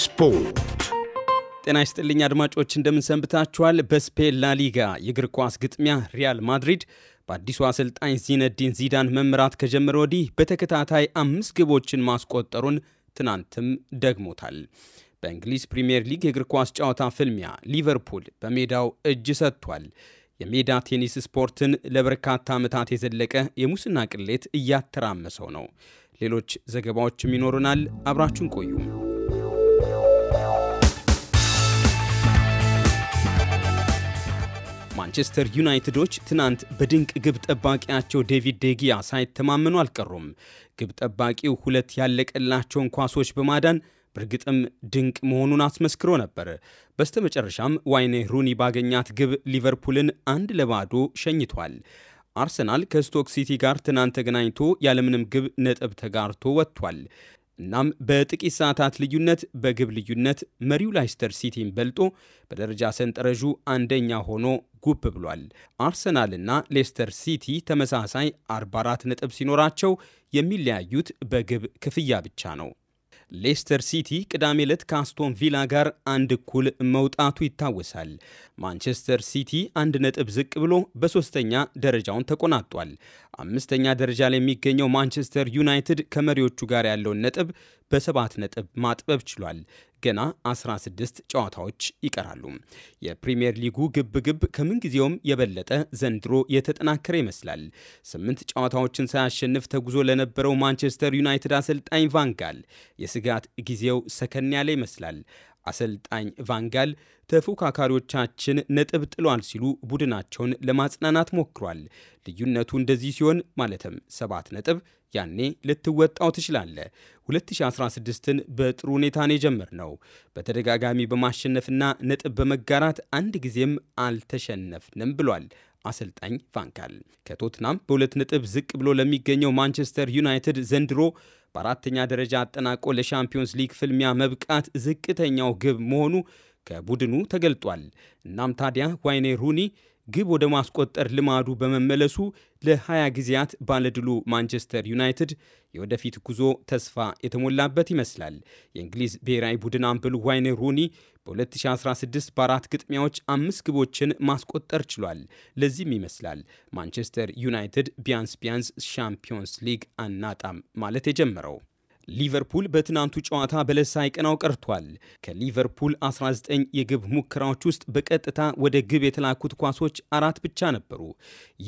ስፖርት ጤና ይስጥልኝ አድማጮች፣ እንደምንሰንብታችኋል። በስፔን ላሊጋ የእግር ኳስ ግጥሚያ ሪያል ማድሪድ በአዲሱ አሰልጣኝ ዚነዲን ዚዳን መምራት ከጀመረ ወዲህ በተከታታይ አምስት ግቦችን ማስቆጠሩን ትናንትም ደግሞታል። በእንግሊዝ ፕሪምየር ሊግ የእግር ኳስ ጨዋታ ፍልሚያ ሊቨርፑል በሜዳው እጅ ሰጥቷል። የሜዳ ቴኒስ ስፖርትን ለበርካታ ዓመታት የዘለቀ የሙስና ቅሌት እያተራመሰው ነው። ሌሎች ዘገባዎችም ይኖሩናል። አብራችሁን ቆዩ። ማንቸስተር ዩናይትዶች ትናንት በድንቅ ግብ ጠባቂያቸው ዴቪድ ዴጊያ ሳይተማመኑ አልቀሩም። ግብ ጠባቂው ሁለት ያለቀላቸውን ኳሶች በማዳን በእርግጥም ድንቅ መሆኑን አስመስክሮ ነበር። በስተመጨረሻም ዋይኔ ሩኒ ባገኛት ግብ ሊቨርፑልን አንድ ለባዶ ሸኝቷል። አርሰናል ከስቶክ ሲቲ ጋር ትናንት ተገናኝቶ ያለምንም ግብ ነጥብ ተጋርቶ ወጥቷል። እናም በጥቂት ሰዓታት ልዩነት በግብ ልዩነት መሪው ላይስተር ሲቲን በልጦ በደረጃ ሰንጠረዡ አንደኛ ሆኖ ጉብ ብሏል። አርሰናልና ሌስተር ሲቲ ተመሳሳይ 44 ነጥብ ሲኖራቸው የሚለያዩት በግብ ክፍያ ብቻ ነው። ሌስተር ሲቲ ቅዳሜ ዕለት ከአስቶን ቪላ ጋር አንድ እኩል መውጣቱ ይታወሳል። ማንቸስተር ሲቲ አንድ ነጥብ ዝቅ ብሎ በሶስተኛ ደረጃውን ተቆናጧል። አምስተኛ ደረጃ ላይ የሚገኘው ማንቸስተር ዩናይትድ ከመሪዎቹ ጋር ያለውን ነጥብ በሰባት ነጥብ ማጥበብ ችሏል። ገና 16 ጨዋታዎች ይቀራሉ። የፕሪምየር ሊጉ ግብግብ ከምንጊዜውም የበለጠ ዘንድሮ የተጠናከረ ይመስላል። ስምንት ጨዋታዎችን ሳያሸንፍ ተጉዞ ለነበረው ማንቸስተር ዩናይትድ አሰልጣኝ ቫንጋል የስጋት ጊዜው ሰከን ያለ ይመስላል። አሰልጣኝ ቫንጋል ተፎካካሪዎቻችን ነጥብ ጥሏል ሲሉ ቡድናቸውን ለማጽናናት ሞክሯል። ልዩነቱ እንደዚህ ሲሆን ማለትም ሰባት ነጥብ ያኔ ልትወጣው ትችላለ። 2016ን በጥሩ ሁኔታ ነው የጀመርነው። በተደጋጋሚ በማሸነፍና ነጥብ በመጋራት አንድ ጊዜም አልተሸነፍንም ብሏል አሰልጣኝ ቫንካል ከቶትናም በሁለት ነጥብ ዝቅ ብሎ ለሚገኘው ማንቸስተር ዩናይትድ ዘንድሮ በአራተኛ ደረጃ አጠናቆ ለሻምፒዮንስ ሊግ ፍልሚያ መብቃት ዝቅተኛው ግብ መሆኑ ከቡድኑ ተገልጧል። እናም ታዲያ ዋይኔ ሩኒ ግብ ወደ ማስቆጠር ልማዱ በመመለሱ ለ20 ጊዜያት ባለድሉ ማንቸስተር ዩናይትድ የወደፊት ጉዞ ተስፋ የተሞላበት ይመስላል። የእንግሊዝ ብሔራዊ ቡድን አምበሉ ዋይን ሩኒ በ2016 በአራት ግጥሚያዎች አምስት ግቦችን ማስቆጠር ችሏል። ለዚህም ይመስላል ማንቸስተር ዩናይትድ ቢያንስ ቢያንስ ሻምፒዮንስ ሊግ አናጣም ማለት የጀመረው። ሊቨርፑል በትናንቱ ጨዋታ በለሳ ሳይቀናው ቀርቷል። ከሊቨርፑል 19 የግብ ሙከራዎች ውስጥ በቀጥታ ወደ ግብ የተላኩት ኳሶች አራት ብቻ ነበሩ።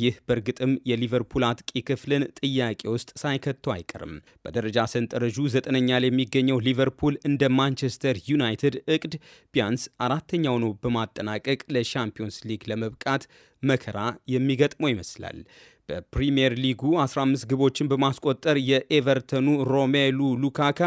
ይህ በእርግጥም የሊቨርፑል አጥቂ ክፍልን ጥያቄ ውስጥ ሳይከቱ አይቀርም። በደረጃ ሰንጠረዡ ዘጠነኛ ላይ የሚገኘው ሊቨርፑል እንደ ማንቸስተር ዩናይትድ እቅድ ቢያንስ ነው በማጠናቀቅ ለሻምፒዮንስ ሊግ ለመብቃት መከራ የሚገጥመው ይመስላል። በፕሪምየር ሊጉ 15 ግቦችን በማስቆጠር የኤቨርተኑ ሮሜሉ ሉካካ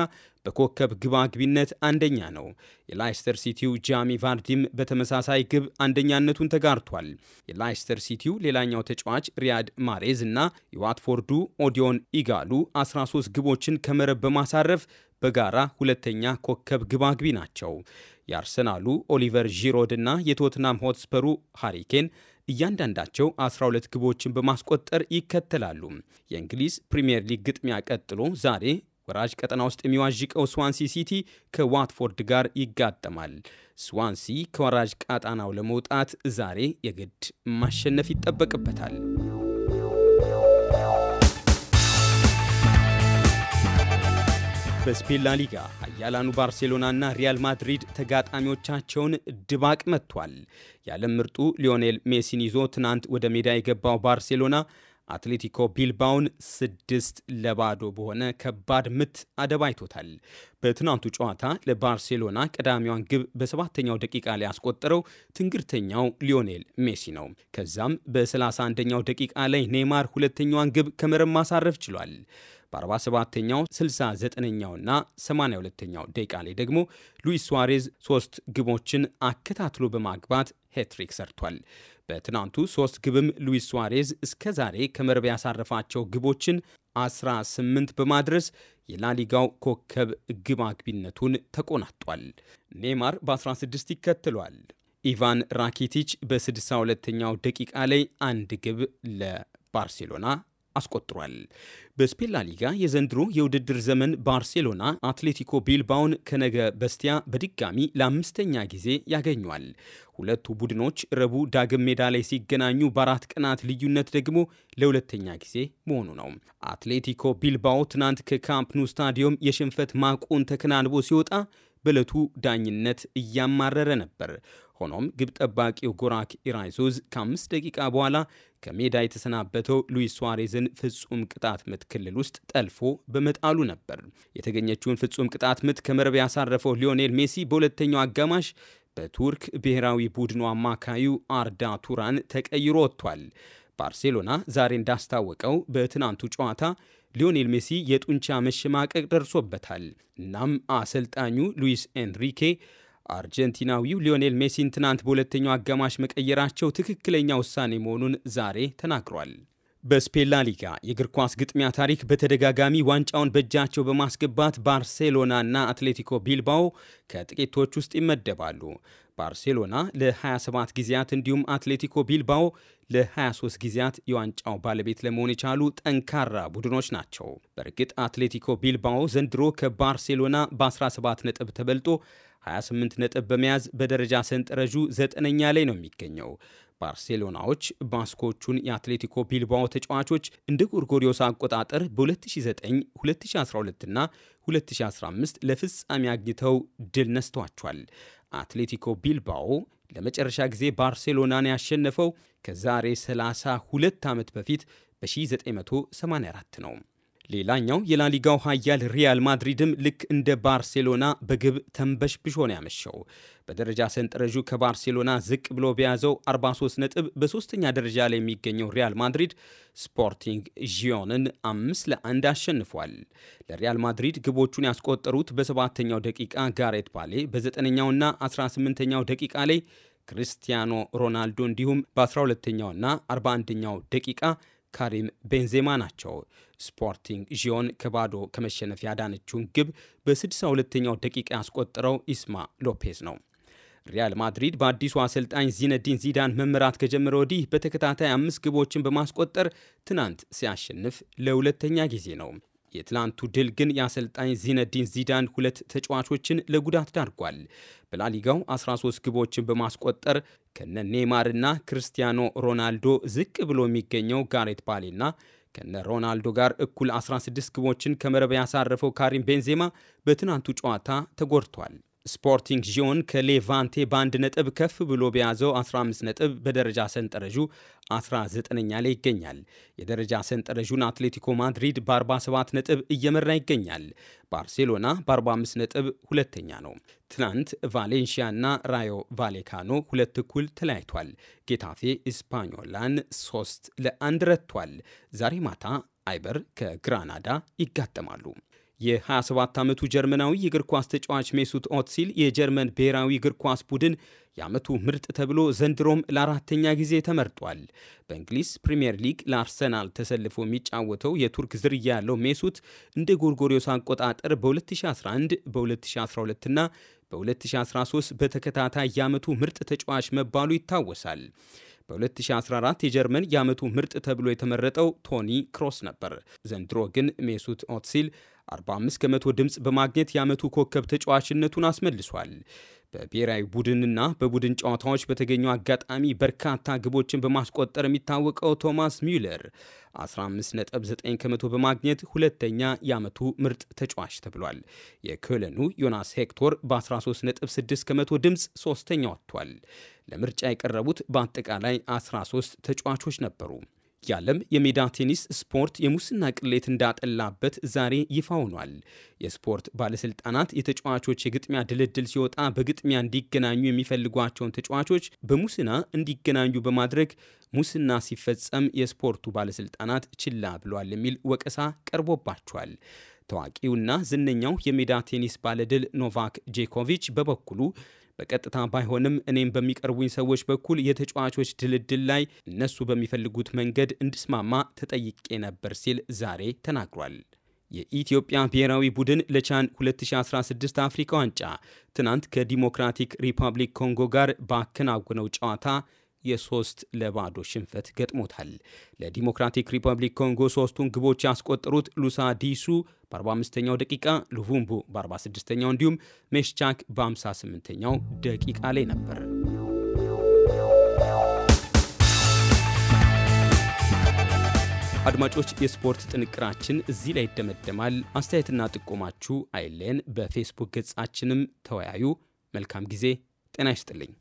በኮከብ ግባግቢነት አንደኛ ነው። የላይስተር ሲቲው ጃሚ ቫርዲም በተመሳሳይ ግብ አንደኛነቱን ተጋርቷል። የላይስተር ሲቲው ሌላኛው ተጫዋች ሪያድ ማሬዝ እና የዋትፎርዱ ኦዲዮን ኢጋሉ 13 ግቦችን ከመረብ በማሳረፍ በጋራ ሁለተኛ ኮከብ ግባግቢ ናቸው። የአርሰናሉ ኦሊቨር ዢሮድ እና የቶትናም ሆትስፐሩ ሃሪኬን እያንዳንዳቸው 12 ግቦችን በማስቆጠር ይከተላሉ። የእንግሊዝ ፕሪምየር ሊግ ግጥሚያ ቀጥሎ ዛሬ ወራጅ ቀጠና ውስጥ የሚዋዥቀው ስዋንሲ ሲቲ ከዋትፎርድ ጋር ይጋጠማል። ስዋንሲ ከወራጅ ቀጠናው ለመውጣት ዛሬ የግድ ማሸነፍ ይጠበቅበታል። በስፔን ላሊጋ አያላኑ ባርሴሎናና ሪያል ማድሪድ ተጋጣሚዎቻቸውን ድባቅ መጥቷል። የዓለም ምርጡ ሊዮኔል ሜሲን ይዞ ትናንት ወደ ሜዳ የገባው ባርሴሎና አትሌቲኮ ቢልባውን ስድስት ለባዶ በሆነ ከባድ ምት አደባይቶታል። በትናንቱ ጨዋታ ለባርሴሎና ቀዳሚዋን ግብ በሰባተኛው ደቂቃ ላይ ያስቆጠረው ትንግርተኛው ሊዮኔል ሜሲ ነው። ከዛም በ31ኛው ደቂቃ ላይ ኔይማር ሁለተኛዋን ግብ ከመረብ ማሳረፍ ችሏል። በ47ኛው 69ኛውና 82ኛው ደቂቃ ላይ ደግሞ ሉዊስ ሱዋሬዝ ሶስት ግቦችን አከታትሎ በማግባት ሄትሪክ ሰርቷል። በትናንቱ ሶስት ግብም ሉዊስ ሱዋሬዝ እስከ ዛሬ ከመረብ ያሳረፋቸው ግቦችን 18 በማድረስ የላሊጋው ኮከብ ግብ አግቢነቱን ተቆናጧል። ኔይማር በ16 ይከትሏል። ኢቫን ራኪቲች በ62ኛው ደቂቃ ላይ አንድ ግብ ለባርሴሎና አስቆጥሯል። በስፔን ላሊጋ የዘንድሮ የውድድር ዘመን ባርሴሎና አትሌቲኮ ቢልባውን ከነገ በስቲያ በድጋሚ ለአምስተኛ ጊዜ ያገኟል። ሁለቱ ቡድኖች ረቡዕ ዳግም ሜዳ ላይ ሲገናኙ በአራት ቀናት ልዩነት ደግሞ ለሁለተኛ ጊዜ መሆኑ ነው። አትሌቲኮ ቢልባኦ ትናንት ከካምፕ ኑ ስታዲየም የሽንፈት ማቁን ተከናንቦ ሲወጣ በዕለቱ ዳኝነት እያማረረ ነበር። ሆኖም ግብ ጠባቂው ጎራክ ኢራይዞዝ ከአምስት ደቂቃ በኋላ ከሜዳ የተሰናበተው ሉዊስ ሱዋሬዝን ፍጹም ቅጣት ምት ክልል ውስጥ ጠልፎ በመጣሉ ነበር። የተገኘችውን ፍጹም ቅጣት ምት ከመረብ ያሳረፈው ሊዮኔል ሜሲ በሁለተኛው አጋማሽ በቱርክ ብሔራዊ ቡድኑ አማካዩ አርዳ ቱራን ተቀይሮ ወጥቷል። ባርሴሎና ዛሬ እንዳስታወቀው በትናንቱ ጨዋታ ሊዮኔል ሜሲ የጡንቻ መሸማቀቅ ደርሶበታል። እናም አሰልጣኙ ሉዊስ ኤንሪኬ አርጀንቲናዊው ሊዮኔል ሜሲን ትናንት በሁለተኛው አጋማሽ መቀየራቸው ትክክለኛ ውሳኔ መሆኑን ዛሬ ተናግሯል። በስፔን ሊጋ የእግር ኳስ ግጥሚያ ታሪክ በተደጋጋሚ ዋንጫውን በእጃቸው በማስገባት ባርሴሎና እና አትሌቲኮ ቢልባኦ ከጥቂቶች ውስጥ ይመደባሉ። ባርሴሎና ለ27 ጊዜያት እንዲሁም አትሌቲኮ ቢልባኦ ለ23 ጊዜያት የዋንጫው ባለቤት ለመሆን የቻሉ ጠንካራ ቡድኖች ናቸው። በእርግጥ አትሌቲኮ ቢልባኦ ዘንድሮ ከባርሴሎና በ17 ነጥብ ተበልጦ 28 ነጥብ በመያዝ በደረጃ ሰንጠረዡ ዘጠነኛ ላይ ነው የሚገኘው። ባርሴሎናዎች ባስኮቹን የአትሌቲኮ ቢልባኦ ተጫዋቾች እንደ ጎርጎሪዮስ አቆጣጠር በ2009 2012 እና 2015 ለፍጻሜ አግኝተው ድል ነስተዋቸዋል። አትሌቲኮ ቢልባኦ ለመጨረሻ ጊዜ ባርሴሎናን ያሸነፈው ከዛሬ 32 ዓመት በፊት በ1984 ነው። ሌላኛው የላሊጋው ኃያል ሪያል ማድሪድም ልክ እንደ ባርሴሎና በግብ ተንበሽብሾ ነው ያመሸው። በደረጃ ሰንጠረዡ ከባርሴሎና ዝቅ ብሎ በያዘው 43 ነጥብ በሶስተኛ ደረጃ ላይ የሚገኘው ሪያል ማድሪድ ስፖርቲንግ ዢዮንን አምስት ለአንድ አሸንፏል። ለሪያል ማድሪድ ግቦቹን ያስቆጠሩት በሰባተኛው ደቂቃ ጋሬት ባሌ በዘጠነኛውና 18ኛው ደቂቃ ላይ ክሪስቲያኖ ሮናልዶ እንዲሁም በ12ኛውና 41ኛው ደቂቃ ካሪም ቤንዜማ ናቸው። ስፖርቲንግ ዢዮን ከባዶ ከመሸነፍ ያዳነችውን ግብ በ62ኛው ደቂቃ ያስቆጠረው ኢስማ ሎፔዝ ነው። ሪያል ማድሪድ በአዲሱ አሰልጣኝ ዚነዲን ዚዳን መመራት ከጀመረ ወዲህ በተከታታይ አምስት ግቦችን በማስቆጠር ትናንት ሲያሸንፍ ለሁለተኛ ጊዜ ነው። የትላንቱ ድል ግን የአሰልጣኝ ዚነዲን ዚዳን ሁለት ተጫዋቾችን ለጉዳት ዳርጓል። በላሊጋው 13 ግቦችን በማስቆጠር ከነ ኔይማርና ክርስቲያኖ ሮናልዶ ዝቅ ብሎ የሚገኘው ጋሬት ባሌና ከነ ሮናልዶ ጋር እኩል 16 ግቦችን ከመረብ ያሳረፈው ካሪም ቤንዜማ በትናንቱ ጨዋታ ተጎድቷል። ስፖርቲንግ ዥዮን ከሌቫንቴ በአንድ ነጥብ ከፍ ብሎ በያዘው 15 ነጥብ በደረጃ ሰንጠረዡ 19ኛ ላይ ይገኛል። የደረጃ ሰንጠረዡን አትሌቲኮ ማድሪድ በ47 ነጥብ እየመራ ይገኛል። ባርሴሎና በ45 ነጥብ ሁለተኛ ነው። ትናንት እና ራዮ ቫሌካኖ ሁለት እኩል ተለያይቷል። ጌታፌ ስፓኞላን 3 ለአንድ ረትቷል። ዛሬ ማታ አይበር ከግራናዳ ይጋጠማሉ። የ27 ዓመቱ ጀርመናዊ የእግር ኳስ ተጫዋች ሜሱት ኦትሲል የጀርመን ብሔራዊ እግር ኳስ ቡድን የዓመቱ ምርጥ ተብሎ ዘንድሮም ለአራተኛ ጊዜ ተመርጧል። በእንግሊዝ ፕሪምየር ሊግ ለአርሰናል ተሰልፎ የሚጫወተው የቱርክ ዝርያ ያለው ሜሱት እንደ ጎርጎሪዮስ አቆጣጠር በ2011 በ2012 እና በ2013 በተከታታይ የዓመቱ ምርጥ ተጫዋች መባሉ ይታወሳል። በ2014 የጀርመን የዓመቱ ምርጥ ተብሎ የተመረጠው ቶኒ ክሮስ ነበር። ዘንድሮ ግን ሜሱት ኦትሲል 45 ከመቶ ድምፅ በማግኘት የዓመቱ ኮከብ ተጫዋችነቱን አስመልሷል። በብሔራዊ ቡድንና በቡድን ጨዋታዎች በተገኘው አጋጣሚ በርካታ ግቦችን በማስቆጠር የሚታወቀው ቶማስ ሚውለር 15.9 ከመቶ በማግኘት ሁለተኛ የዓመቱ ምርጥ ተጫዋች ተብሏል። የኮለኑ ዮናስ ሄክቶር በ13.6 ከመቶ ድምፅ ሶስተኛ ወጥቷል። ለምርጫ የቀረቡት በአጠቃላይ 13 ተጫዋቾች ነበሩ። የዓለም የሜዳ ቴኒስ ስፖርት የሙስና ቅሌት እንዳጠላበት ዛሬ ይፋ ሆኗል። የስፖርት ባለስልጣናት የተጫዋቾች የግጥሚያ ድልድል ሲወጣ በግጥሚያ እንዲገናኙ የሚፈልጓቸውን ተጫዋቾች በሙስና እንዲገናኙ በማድረግ ሙስና ሲፈጸም የስፖርቱ ባለስልጣናት ችላ ብሏል የሚል ወቀሳ ቀርቦባቸዋል። ታዋቂውና ዝነኛው የሜዳ ቴኒስ ባለድል ኖቫክ ጄኮቪች በበኩሉ በቀጥታ ባይሆንም እኔም በሚቀርቡኝ ሰዎች በኩል የተጫዋቾች ድልድል ላይ እነሱ በሚፈልጉት መንገድ እንድስማማ ተጠይቄ ነበር ሲል ዛሬ ተናግሯል። የኢትዮጵያ ብሔራዊ ቡድን ለቻን 2016 አፍሪካ ዋንጫ ትናንት ከዲሞክራቲክ ሪፐብሊክ ኮንጎ ጋር ባከናወነው ጨዋታ የሶስት ለባዶ ሽንፈት ገጥሞታል። ለዲሞክራቲክ ሪፐብሊክ ኮንጎ ሶስቱን ግቦች ያስቆጠሩት ሉሳ ዲሱ በ45ኛው ደቂቃ፣ ሉቡምቡ በ46ኛው እንዲሁም ሜሽቻክ በ58ኛው ደቂቃ ላይ ነበር። አድማጮች፣ የስፖርት ጥንቅራችን እዚህ ላይ ይደመደማል። አስተያየትና ጥቆማችሁ አይለን። በፌስቡክ ገጻችንም ተወያዩ። መልካም ጊዜ። ጤና ይስጥልኝ።